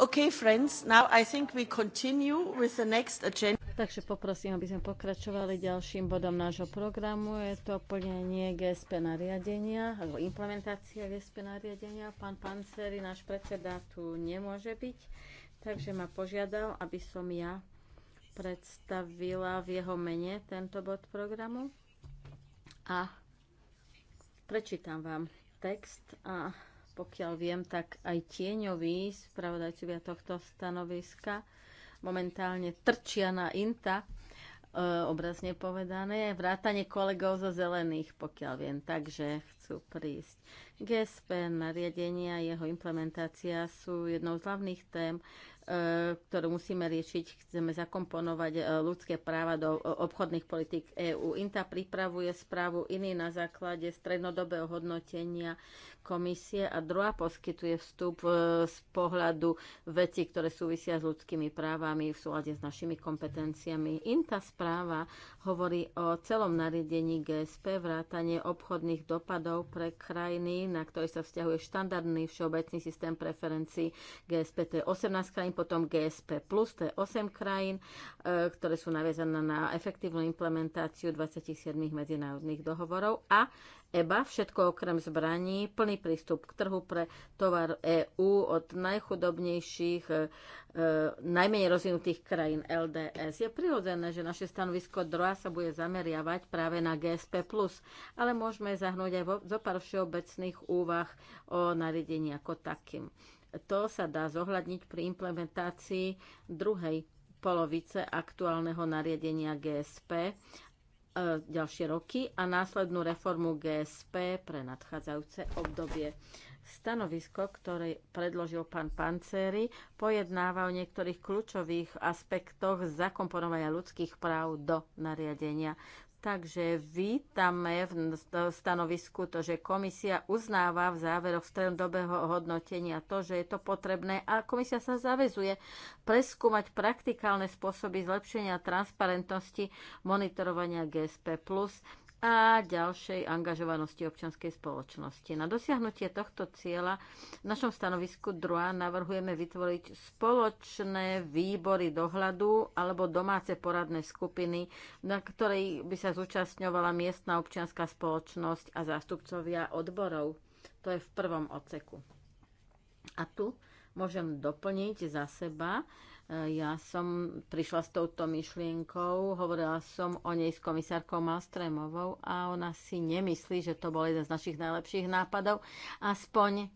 Okay, friends, now I think we continue with the next agenda. Takže poprosím, aby sme pokračovali ďalším bodom nášho programu. Je to plnenie GSP nariadenia, alebo implementácia GSP nariadenia. Pán Panceri, náš predseda, tu nemôže byť, takže ma požiadal, aby som ja predstavila v jeho mene tento bod programu. A prečítam vám text a pokiaľ viem, tak aj tieňoví spravodajcovia tohto stanoviska momentálne trčia na INTA, e, obrazne povedané, vrátanie kolegov zo zelených, pokiaľ viem, takže chcú prísť. GSP, nariadenia, jeho implementácia sú jednou z hlavných tém E, ktorú musíme riešiť. Chceme zakomponovať e, ľudské práva do e, obchodných politik EÚ. INTA pripravuje správu iný na základe strednodobého hodnotenia komisie a druhá poskytuje vstup z pohľadu veci, ktoré súvisia s ľudskými právami v súlade s našimi kompetenciami. INTA správa hovorí o celom nariadení GSP, vrátanie obchodných dopadov pre krajiny, na ktoré sa vzťahuje štandardný všeobecný systém preferencií GSP. To je 18 krajín potom GSP+, to je 8 krajín, e, ktoré sú naviazané na efektívnu implementáciu 27 medzinárodných dohovorov a EBA, všetko okrem zbraní, plný prístup k trhu pre tovar EÚ od najchudobnejších, e, e, najmenej rozvinutých krajín LDS. Je prirodzené, že naše stanovisko DROA sa bude zameriavať práve na GSP+, ale môžeme zahnúť aj zo pár všeobecných úvah o nariadení ako takým. To sa dá zohľadniť pri implementácii druhej polovice aktuálneho nariadenia GSP e, ďalšie roky a následnú reformu GSP pre nadchádzajúce obdobie. Stanovisko, ktoré predložil pán Pancéry, pojednáva o niektorých kľúčových aspektoch zakomponovania ľudských práv do nariadenia. Takže vítame v stanovisku to, že komisia uznáva v záveroch strednodobého hodnotenia to, že je to potrebné a komisia sa zavezuje preskúmať praktikálne spôsoby zlepšenia transparentnosti monitorovania GSP+, a ďalšej angažovanosti občianskej spoločnosti. Na dosiahnutie tohto cieľa v našom stanovisku druhá navrhujeme vytvoriť spoločné výbory dohľadu alebo domáce poradné skupiny, na ktorej by sa zúčastňovala miestna občianská spoločnosť a zástupcovia odborov. To je v prvom oceku. A tu môžem doplniť za seba, ja som prišla s touto myšlienkou, hovorila som o nej s komisárkou Malstrémovou a ona si nemyslí, že to bol jeden z našich najlepších nápadov. Aspoň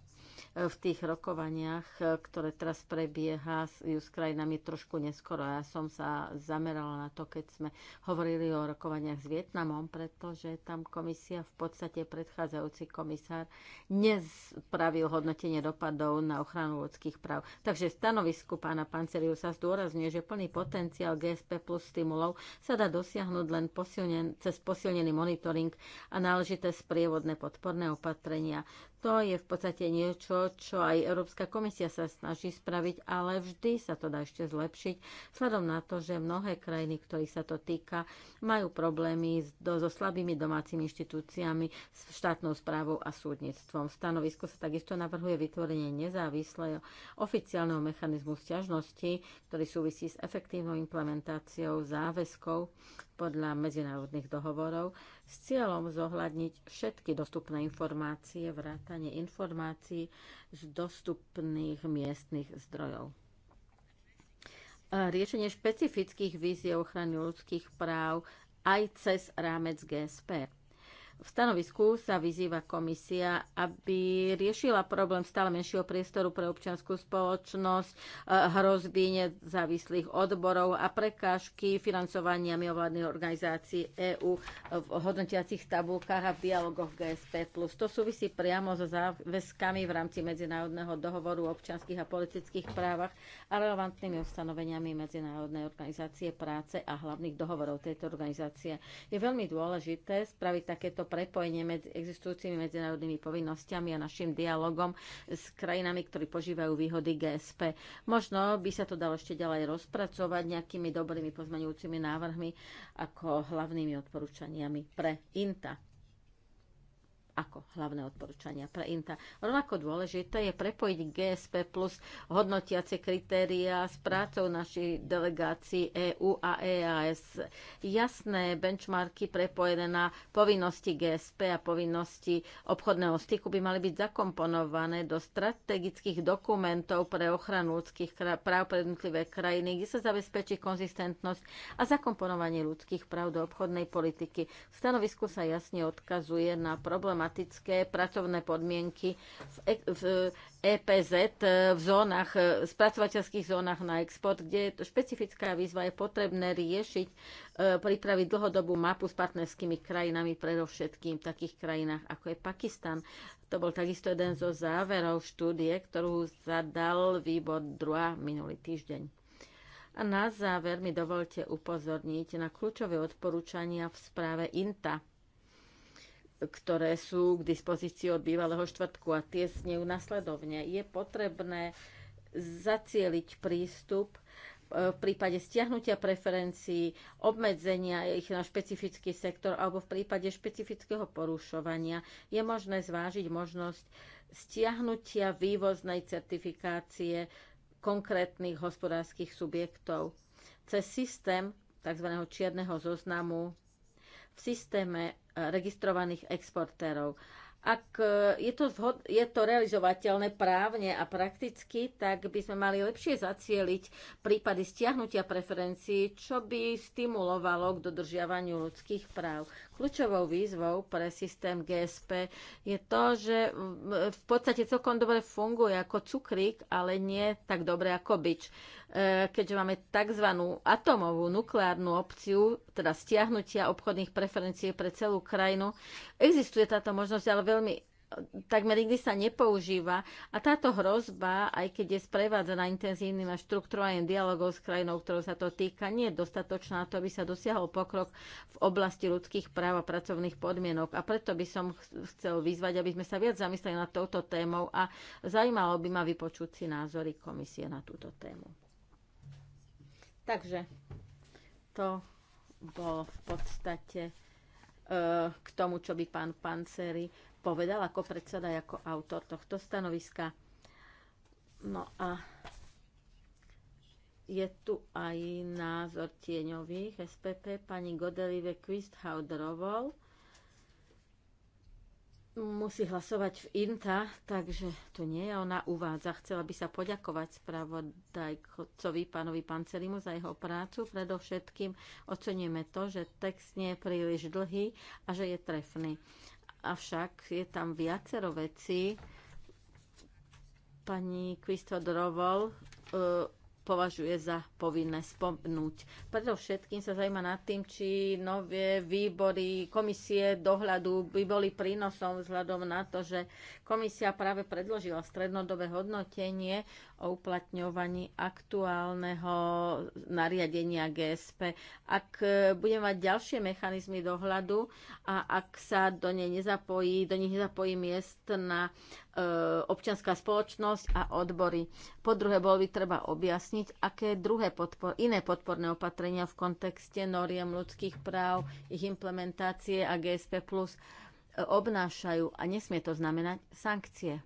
v tých rokovaniach, e, ktoré teraz prebieha s, s krajinami trošku neskoro. Ja som sa zamerala na to, keď sme hovorili o rokovaniach s Vietnamom, pretože tam komisia v podstate predchádzajúci komisár nespravil hodnotenie dopadov na ochranu ľudských práv. Takže stanovisku pána Panceriu sa zdôrazňuje, že plný potenciál GSP plus stimulov sa dá dosiahnuť len posilnen, cez posilnený monitoring a náležité sprievodné podporné opatrenia. To je v podstate niečo, čo aj Európska komisia sa snaží spraviť, ale vždy sa to dá ešte zlepšiť, vzhľadom na to, že mnohé krajiny, ktorých sa to týka, majú problémy so slabými domácimi inštitúciami, s štátnou správou a súdnictvom. Stanovisko sa takisto navrhuje vytvorenie nezávislého oficiálneho mechanizmu sťažnosti, ktorý súvisí s efektívnou implementáciou záväzkov podľa medzinárodných dohovorov s cieľom zohľadniť všetky dostupné informácie, vrátanie informácií z dostupných miestnych zdrojov. Riešenie špecifických vízie ochrany ľudských práv aj cez rámec GSP v stanovisku sa vyzýva komisia, aby riešila problém stále menšieho priestoru pre občianskú spoločnosť, e, hrozby nezávislých odborov a prekážky financovania mimovládnych organizácií EÚ v hodnotiacich tabulkách a v dialogoch GSP+. To súvisí priamo so záväzkami v rámci Medzinárodného dohovoru o občianských a politických právach a relevantnými ustanoveniami Medzinárodnej organizácie práce a hlavných dohovorov tejto organizácie. Je veľmi dôležité spraviť takéto to prepojenie medzi existujúcimi medzinárodnými povinnosťami a našim dialogom s krajinami, ktorí požívajú výhody GSP. Možno by sa to dalo ešte ďalej rozpracovať nejakými dobrými pozmeňujúcimi návrhmi ako hlavnými odporúčaniami pre INTA ako hlavné odporúčania pre INTA. Rovnako dôležité je prepojiť GSP plus hodnotiace kritéria s prácou našich delegácií EU a EAS. Jasné benchmarky prepojené na povinnosti GSP a povinnosti obchodného styku by mali byť zakomponované do strategických dokumentov pre ochranu ľudských práv pre jednotlivé krajiny, kde sa zabezpečí konzistentnosť a zakomponovanie ľudských práv do obchodnej politiky. V stanovisku sa jasne odkazuje na problém problematické pracovné podmienky v, e- v EPZ e, v zónach, e, v spracovateľských zónach na export, kde je špecifická výzva je potrebné riešiť, pripraviť dlhodobú mapu s partnerskými krajinami, predovšetkým v takých krajinách ako je Pakistan. To bol takisto jeden zo záverov štúdie, ktorú zadal výbor druhá minulý týždeň. A na záver mi dovolte upozorniť na kľúčové odporúčania v správe INTA ktoré sú k dispozícii od bývalého štvrtku a tie snejú nasledovne. Je potrebné zacieliť prístup e, v prípade stiahnutia preferencií, obmedzenia ich na špecifický sektor alebo v prípade špecifického porušovania je možné zvážiť možnosť stiahnutia vývoznej certifikácie konkrétnych hospodárskych subjektov cez systém tzv. čierneho zoznamu v systéme e, registrovaných exportérov. Ak e, je to, zhod, je to realizovateľné právne a prakticky, tak by sme mali lepšie zacieliť prípady stiahnutia preferencií, čo by stimulovalo k dodržiavaniu ľudských práv. Kľúčovou výzvou pre systém GSP je to, že v podstate celkom dobre funguje ako cukrík, ale nie tak dobre ako byč. E, keďže máme tzv. atomovú nukleárnu opciu, teda stiahnutia obchodných preferencií pre celú krajinu, existuje táto možnosť, ale veľmi takmer nikdy sa nepoužíva a táto hrozba, aj keď je sprevádzaná intenzívnym a štruktúrovaným dialogom s krajinou, ktorou sa to týka, nie je dostatočná to, aby sa dosiahol pokrok v oblasti ľudských práv a pracovných podmienok. A preto by som chcel vyzvať, aby sme sa viac zamysleli nad touto témou a zaujímalo by ma vypočuť si názory komisie na túto tému. Takže to bolo v podstate eh, k tomu, čo by pán Panceri povedal ako predseda, ako autor tohto stanoviska. No a je tu aj názor tieňových SPP pani Godelive Quisthauderovou. Musí hlasovať v INTA, takže to nie je. Ona uvádza, chcela by sa poďakovať spravodajcovi pánovi Pancerimu za jeho prácu. Predovšetkým ocenujeme to, že text nie je príliš dlhý a že je trefný avšak je tam viacero vecí. Pani Kristodorovol e, považuje za povinné spomnúť. Predovšetkým sa zaujíma nad tým, či nové výbory komisie dohľadu by boli prínosom vzhľadom na to, že komisia práve predložila strednodobé hodnotenie o uplatňovaní aktuálneho nariadenia GSP. Ak e, budeme mať ďalšie mechanizmy dohľadu a ak sa do, nej nezapojí, do nich nezapojí miestna E, občianská spoločnosť a odbory. Po druhé, bolo by treba objasniť, aké druhé podpor, iné podporné opatrenia v kontexte noriem ľudských práv, ich implementácie a GSP plus e, obnášajú a nesmie to znamenať sankcie.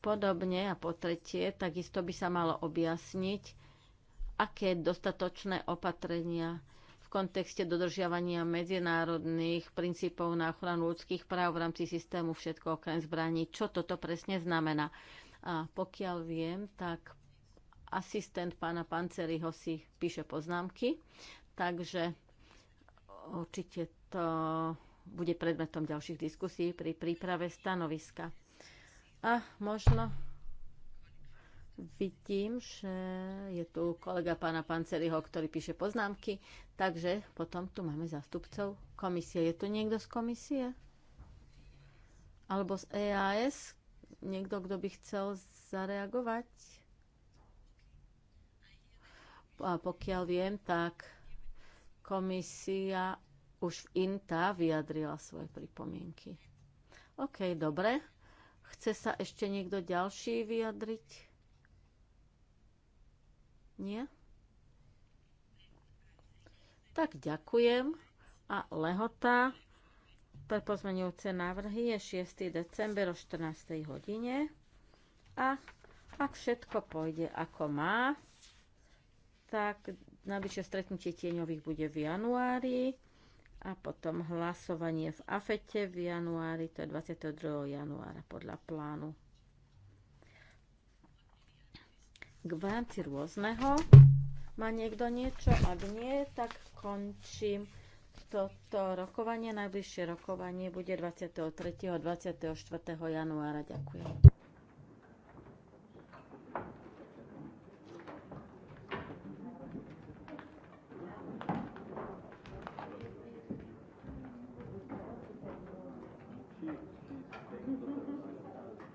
Podobne a po tretie, takisto by sa malo objasniť, aké dostatočné opatrenia kontexte dodržiavania medzinárodných princípov na ochranu ľudských práv v rámci systému všetko okrem zbraní. Čo toto presne znamená? A pokiaľ viem, tak asistent pána Panceriho si píše poznámky, takže určite to bude predmetom ďalších diskusí pri príprave stanoviska. A možno Vidím, že je tu kolega pána Panceriho, ktorý píše poznámky, takže potom tu máme zástupcov komisie. Je tu niekto z komisie? Alebo z EAS? Niekto, kto by chcel zareagovať? A pokiaľ viem, tak komisia už v INTA vyjadrila svoje pripomienky. OK, dobre. Chce sa ešte niekto ďalší vyjadriť? Nie? Tak ďakujem. A lehota pre pozmeňujúce návrhy je 6. december o 14. hodine. A ak všetko pôjde ako má, tak najbližšie stretnutie tieňových bude v januári a potom hlasovanie v AFETE v januári, to je 22. januára podľa plánu. k rámci rôzneho. Má niekto niečo? Ak nie, tak končím toto rokovanie. Najbližšie rokovanie bude 23. a 24. januára. Ďakujem.